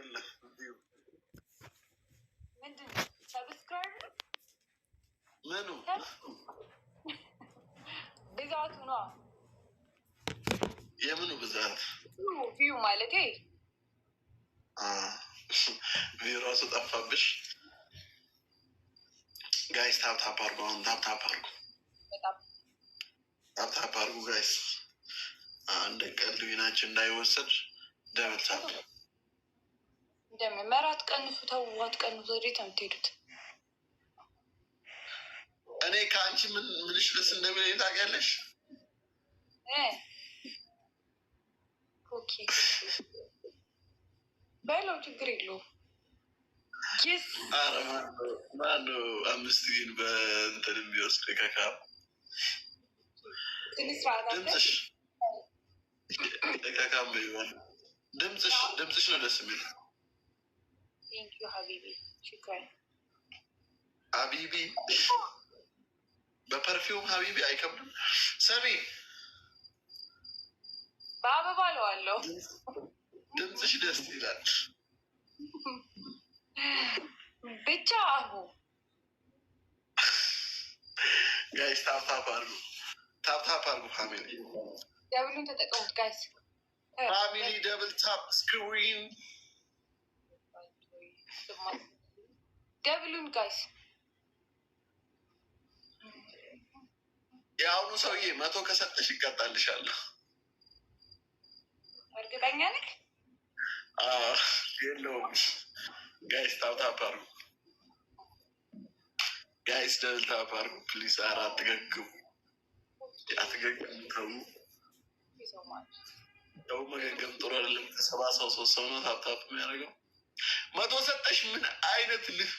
ምኑ ብዛቱ የምኑ ብዛት ቪው ማለት ራሱ ጠፋብሽ። ጋይስ ታፕታፕ አሁን ጋይስ። አንድ እንዳይወሰድ ደብል እንደሚመር አትቀንሱ፣ ተው አትቀንሱ። ወዴት ነው የምትሄዱት? እኔ ከአንቺ ምን ምልሽ ደስ እንደሚለኝ ታውቂያለሽ? ኦኬ በለው፣ ችግር የለውም። ማነው አምስት ግን በእንትን የሚወስድ ከካ ድምፅሽ ከካ ድምፅሽ ነው ደስ የሚል ሀቢቢ በፐርፊውም ሀቢቢ አይከብድም። ሰሚ በአበባ ለዋለው ድምፅሽ ደስ ይላል። ብቻ አሁ ጋይስ ታፕታፕ አርጉ፣ ታፕታፕ አርጉ። ፋሚሊ ደብሉን ተጠቀሙት ጋይስ። ፋሚሊ ደብል ታፕ ስክሪን ይገርማል። ነው። ደብሉን ጋይስ የአሁኑ ሰውዬ መቶ ከሰጠሽ ይቀጣልሻለሁ። እርግጠኛ ነህ? የለውም ጋይስ ታፕታፕ ጋይስ፣ ደብል ፕሊስ። አድርጉ ፕሊዝ። ኧረ አትገግሙ አትገግሙ፣ ተው ተው፣ መገገም ጥሩ አይደለም። ከሰባ ሰው ሶስት ሰው ነው ታፕታፕ የሚያደርገው መቶ ሰጠሽ። ምን አይነት ልፍ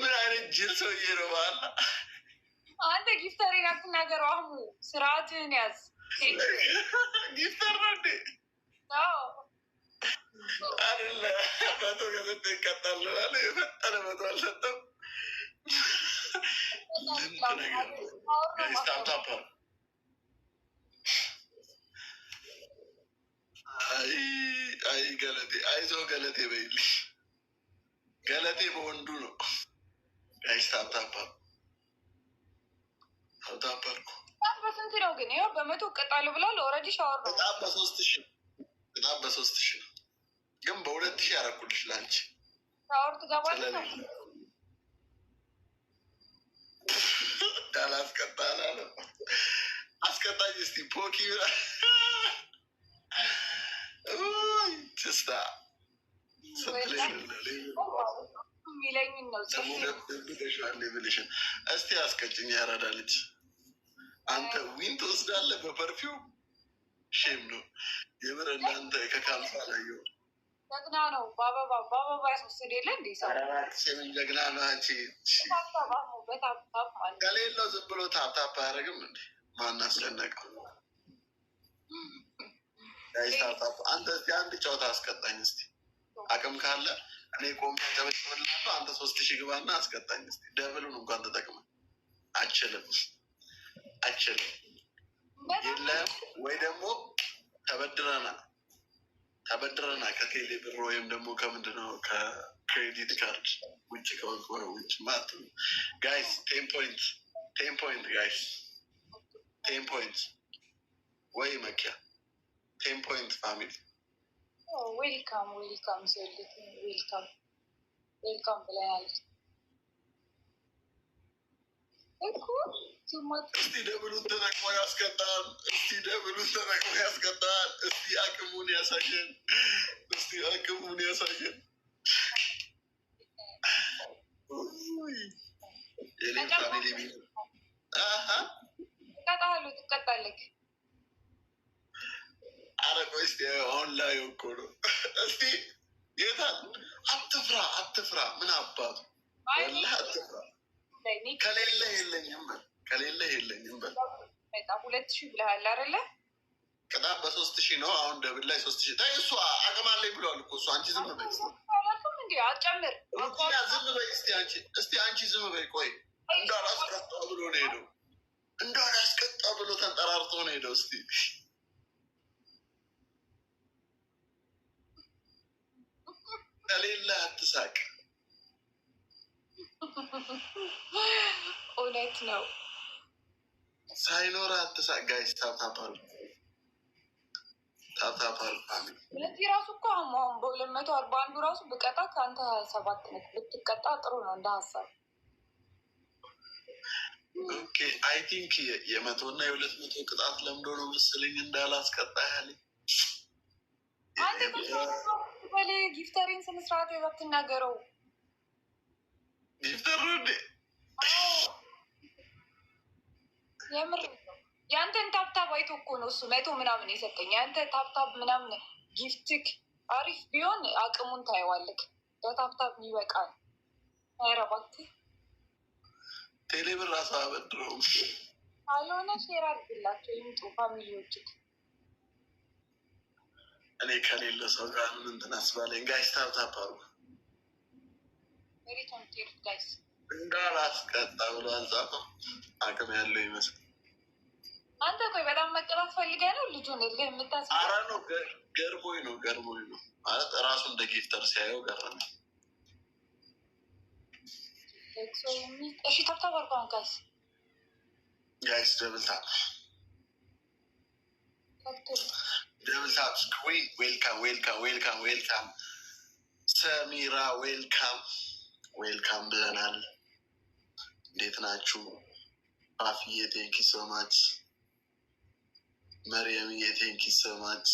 ምን አይነት ጅል ሰውዬ ነው። በኋላ አንተ ጊፍተር ናት ነገር አህሙ ስርዓትን ያዝ። ጊፍተር ነው እንዴ? አለ መቶ ከሰጠ ይቀጣል አለ። የፈጠነ መቶ አልሰጠም። ስታምታፓ ነገር አይ ገለቴ አይዞ ገለቴ በይልሽ። ገለቴ በወንዱ ነው። ጋይስ ታብታባ ታብታባ አልኩ። በስንት ነው ግን? ይኸው በመቶ ቀጣሉ ብላል። ኦልሬዲ ሻወር ነው። በጣም በሶስት ሺ በጣም በሶስት ሺ ነው ግን በሁለት ሺ ያረኩልሽ ላንቺ ሻወር ትገባለሽ። እንዳላስቀጣ ነው አስቀጣኝ እስቲ ፖኪ ደስታ ብልሽን እስቲ አስቀጭኝ። ያራዳ ልጅ አንተ ዊን ትወስዳለህ በፐርፊው ሼም ነው የምር እናንተ ከካምሳ ላይ ጀግና ነው። በአበባ በአበባ ያስወሰድ የለ እንዴ ጀግና ነው። አንቺ ከሌለው ዝም ብሎ ታፕታፕ አያደርግም እንዴ ማናስደነቀው ስታርታፕ አንተ እስኪ አንድ ጨዋታ አስቀጣኝ እስኪ አቅም ካለ እኔ ቆሜ ያጨበጭብልሃለሁ። አንተ ሶስት ሺ ግባና አስቀጣኝ እስኪ ደብሉን እንኳን ተጠቅመ አችልም አችልም የለም ወይ ደግሞ ተበድረና ተበድረና ከቴሌ ብር ወይም ደግሞ ከምንድነው ከክሬዲት ካርድ ውጭ ከወቆረ ውጭ ማለት ነው። ጋይስ ቴን ፖይንት ቴን ፖይንት ጋይስ ቴን ፖይንት ወይ መኪያ ቴን ፖይንት ፋሚሊ ዌልካም ዌልካም ሲወልት ዌልካም ዌልካም ብለናለች እኮ እስቲ ደብሉን ተጠቅሞ ያስቀጣል። እስቲ ደብሉን ተጠቅሞ ያስቀጣል። እስቲ አቅሙን ያሳየን። እስቲ አቅሙን ያሳየን። አትፍራ። ምን አባቱ ወላሂ አትፍራ። ከሌለ የለኝም በል፣ ከሌለ የለኝም በል። ሁለት ሺ ብለሃል አይደለ? ቅጣት በሶስት ሺ ነው። አሁን ደብል ላይ ሶስት ሺ ታይ። እሱ አቅም አለኝ ብለዋል እኮ እሱ። አንቺ ዝም በይ ዝም በይ እስቲ አንቺ እስቲ አንቺ ዝም በይ። ቆይ እንዳላስቀጣ ብሎ ነው ሄደው፣ እንዳላስቀጣ ብሎ ተንጠራርቶ ነው ሄደው። እስቲ ከሌለ አትሳቅ። እውነት ነው። ሳይኖር አትሳ ጋይስ ታብታፓል ታብታፓል ለዚህ ራሱ እኮ አሁን በሁለት መቶ አርባ አንዱ ራሱ ብቀጣ ከአንተ ሀያ ሰባት ነ ብትቀጣ ጥሩ ነው እንደ ሀሳብ ኦኬ አይ ቲንክ የመቶ እና የሁለት መቶ ቅጣት ለምዶ ነው መሰለኝ እንዳላስቀጣ ያለ አንተ በሌ ጊፍተሪን ስነስርዓት ትናገረው የምር የአንተን ታብታብ አይቶ እኮ ነው እሱ መቶ ምናምን የሰጠኝ። የአንተ ታብታብ ምናምን ጊፍትክ አሪፍ ቢሆን አቅሙን ታየዋልክ። በታብታብ ይበቃል። ኧረ እባክህ ቴሌብር ሼር አድርግላቸው ይምጡ ፋሚሊዎች። እኔ ከሌለ ሰው ጋር ምን እንትን አስባለኝ ጋይስ ታብታብ እንዳላስቀጣ ብሎ አልጻፈም። አቅም ያለው ይመስል አንተ ቆይ በጣም መቀጣት ፈልገህ ነው ልጁን የምታስረ ነው። ገርሞኝ ነው ገርሞኝ ነው ማለት እራሱ እንደ ጊፍተር ሲያየው ገረመ። እሺ ተብታብ አርጓን ጋይስ ጋይስ ደብልታ ደብልታ ዌልካም ዌልካም ዌልካም ዌልካም ሰሚራ ዌልካም ዌልካም ብለናል። እንዴት ናችሁ? ፋፍዬ ቴንኪ ሶማች፣ መርየምዬ ቴንኪ ሶማች፣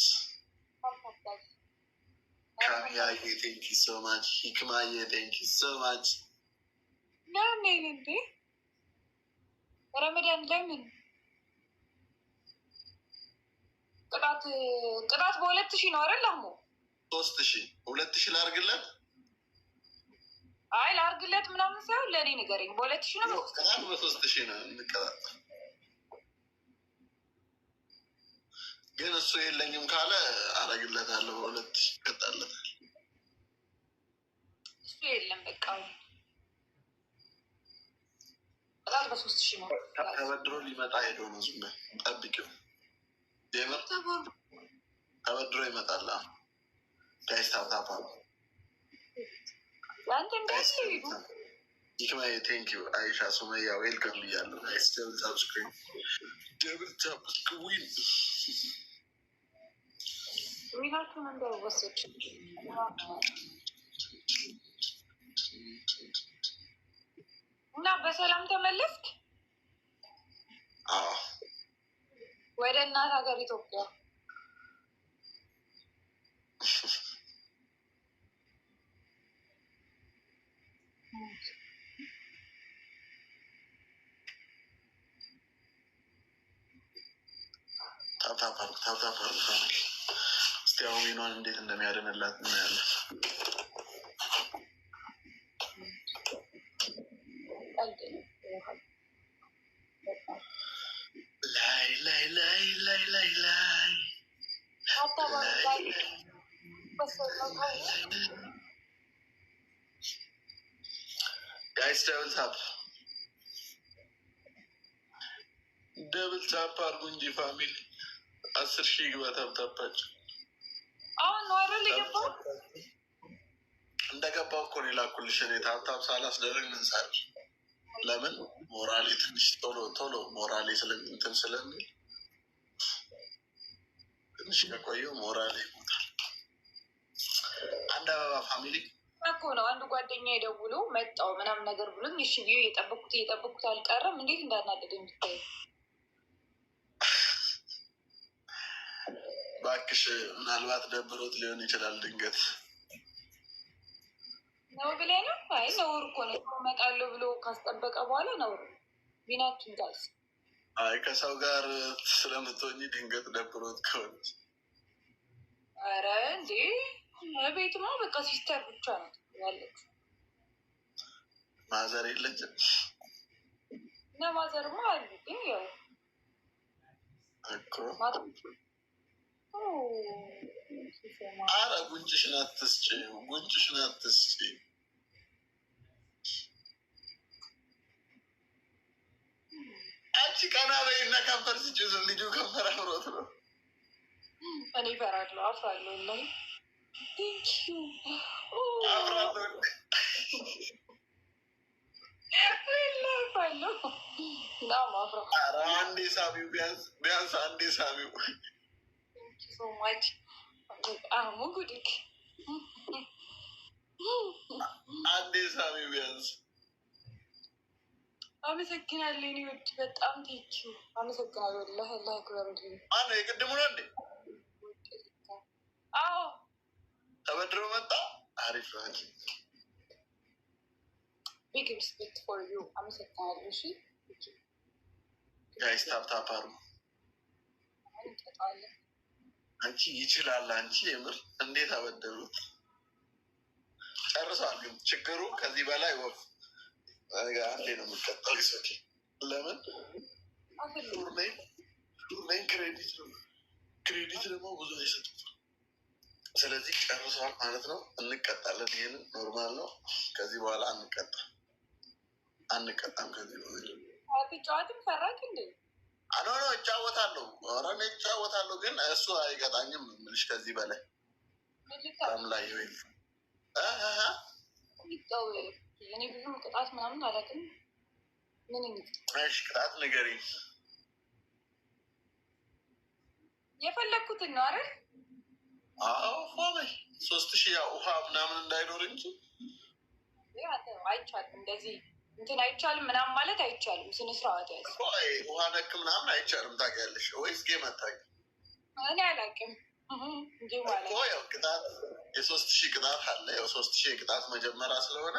ካሚያዬ ቴንኪ ሶማች፣ ሂክማዬ ቴንኪ ሶማች። ለምን እንዴ ረመዳን ለምን ቅጣት ቅጣት በሁለት ሺህ ነው አይደል? አሞ ሶስት ሺህ ሁለት ሺህ ላርግለት አይ ላርግለት ምናምን ሳይሆን ለእኔ ንገረኝ። በሁለት ሺ ነው በሶስት ሺ ነው እንቀጣጠል። ግን እሱ የለኝም ካለ አረግለታለሁ፣ በሁለት ሺ ይቀጣለታል። እሱ የለም በቃ በጣም በሶስት ሺ ነው ተበድሮ ሊመጣ ሄዶ ነው። ዝም በይ ጠብቂው፣ ተበድሮ ይመጣል። ጋይስ ታብታባ ነው አንተ እንደዚህ ቴንክ ዩ አይሻ ሶመያ ዌልከም እያለሁ ናይስ ደብል ታፕ ስክሪን ደብል ታፕ ስክሪን እና በሰላም ተመለስክ ወደ እናት ሀገር ኢትዮጵያ ታብታብ ታብታብ እስቲ አሁን ዊኗን እንዴት እንደሚያደንላት እናያለን። ላይ ላይ ላይ ላይ ላይ ላይ ጋይስ ደብል ታፕ ደብል ታፕ አርጉ እንጂ ፋሚሊ አስር ሺህ ግባ። ታፕታፓቸው አሁን ዋረ ሊገባው እንደገባው እኮ ሌላ የላኩልሽ። እኔ ታፕታፕ ሳላስደረግ ምን ለምን ሞራሌ ትንሽ ቶሎ ቶሎ ሞራሌ ስለሚል ትንሽ ከቆየው ሞራሌ ይሞታል። አንድ አበባ ፋሚሊ እኮ ነው አንድ ጓደኛ ደውሎ መጣው ምናምን ነገር ብሎኝ እሺ ብዬ እየጠበኩት እየጠበኩት አልቀረም። እንዴት እንዳናደደ የሚታይ ባክሽ፣ ምናልባት ደብሮት ሊሆን ይችላል። ድንገት ነው ብለ ነው። አይ ነውር እኮ ነው። እመጣለሁ ብሎ ካስጠበቀ በኋላ ነውር ቢናችን ጋዝ አይ ከሰው ጋር ስለምትሆኝ ድንገት ደብሮት ከሆነች ኧረ እንዴ ቤትማ በቃ ሲስተር ብቻ ነው ያለች። ማዘር የለችም እና ማዘርማ አሉ ግን ያው ኧረ ጉንጭሽን አትስጪ፣ ጉንጭሽን አትስጪ። አንቺ ቀና በይና ከንፈር ስጪ። ልጁ ከንፈር አብሮት ነው። እኔ እፈራለሁ፣ አፍራለሁ Thank you. Oh. I love, I love. brother. this have you, Bians, and this have you. Thank you so much. Ah, I'm a good And this have you, Bians. አመሰግናለሁ እኔ ውድ በጣም ቴኪው አመሰግናለሁ። ላ ላ ክበሩ ማነው የቅድሙ ነው እንዴ? አዎ ተበድሮ መጣ። አሪፍ ሆን ቢግ ሪስፔክት ፎር ዩ አመሰግናለሁ። እሺ ጋይስ አንቺ ይችላል። አንቺ የምር እንዴት አበደሩት? ጨርሷል። ግን ችግሩ ከዚህ በላይ ወፍ አንዴ ነው የምቀጠል። ሶኬ ለምን ሹርኔም ክሬዲት ነው። ክሬዲት ደግሞ ብዙ አይሰጡም ስለዚህ ጨርሰዋል ማለት ነው። እንቀጣለን። ይህን ኖርማል ነው። ከዚህ በኋላ አንቀጣ አንቀጣም። ከዚህ ጨዋትም ፈራክ እንዴ? አኖ ኖ እጫወታለሁ። ኧረ እኔ እጫወታለሁ፣ ግን እሱ አይገጣኝም ምልሽ ከዚህ በላይ ላይ ወይ እኔ ብዙ ቅጣት ምናምን አላውቅም። ምን እሺ፣ ቅጣት ንገሪኝ። የፈለግኩትን ነው አይደል አዎ ላይ ሶስት ሺህ ያው ውሃ ምናምን እንዳይኖር እንጂ አይቻልም። እንደዚህ እንትን አይቻልም ምናምን ማለት አይቻልም። ስነ ስርዓት ያዝ ውሃ ነክ ምናምን አይቻልም። ታውቂያለሽ ወይስ ጌ መታኝ እኔ አላውቅም። ያው ቅጣት የሶስት ሺህ ቅጣት አለ። ያው ሶስት ሺህ የቅጣት መጀመሪያ ስለሆነ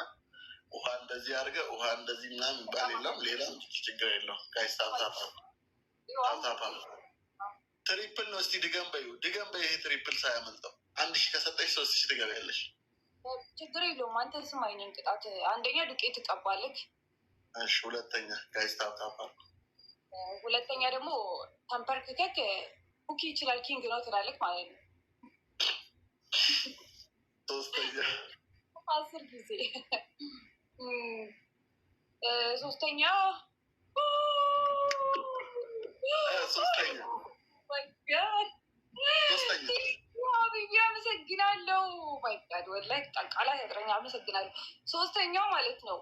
ውሃ እንደዚህ አድርገ ውሃ እንደዚህ ምናምን ይባል የለም። ሌላም ችግር የለውም። ጋይስ ታብታባ ታብታባ ትሪፕል ነው። እስቲ ድገም በዩ ድገም በዩ። ይሄ ትሪፕል ሳያመልጠው አንድ ሺ ከሰጠች ሶስት ሺህ ትገቢያለሽ። ችግር የለውም። አንተ ስማኝ፣ ቅጣት አንደኛ ዱቄት እቀባለክ። እሺ። ሁለተኛ ጋይስ ሁለተኛ ደግሞ ተንበርክከክ ኩኪ ይችላል ኪንግ ነው ትላለክ ማለት ነው። ሶስተኛ አስር ጊዜ ሶስተኛ ሶስተኛ ብዬ አመሰግናለሁ። ማይጋድ ወላይ ያጥረኛ አመሰግናለሁ። ሶስተኛው ማለት ነው።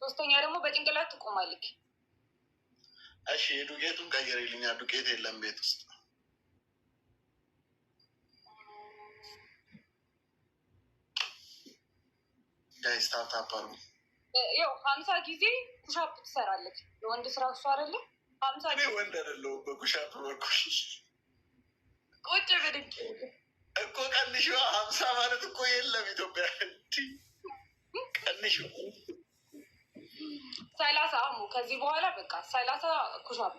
ሶስተኛ ደግሞ በጭንቅላት ትቆማለች። እሺ ዱቄቱን ቀይሪልኛ። ዱቄት የለም ቤት ውስጥ ጋይስ ታፕ አሉ። ያው ሀምሳ ጊዜ ኩሻፕ ትሰራለች። የወንድ ስራ እሱ አይደለም እኔ ወንድ አይደለሁም። ቁጭ ብድግ እኮ ቀንሽ ሀምሳ ማለት እኮ የለም ኢትዮጵያ ቀንሽ ሰላሳ አሙ ከዚህ በኋላ በቃ ሰላሳ ኩሻፕ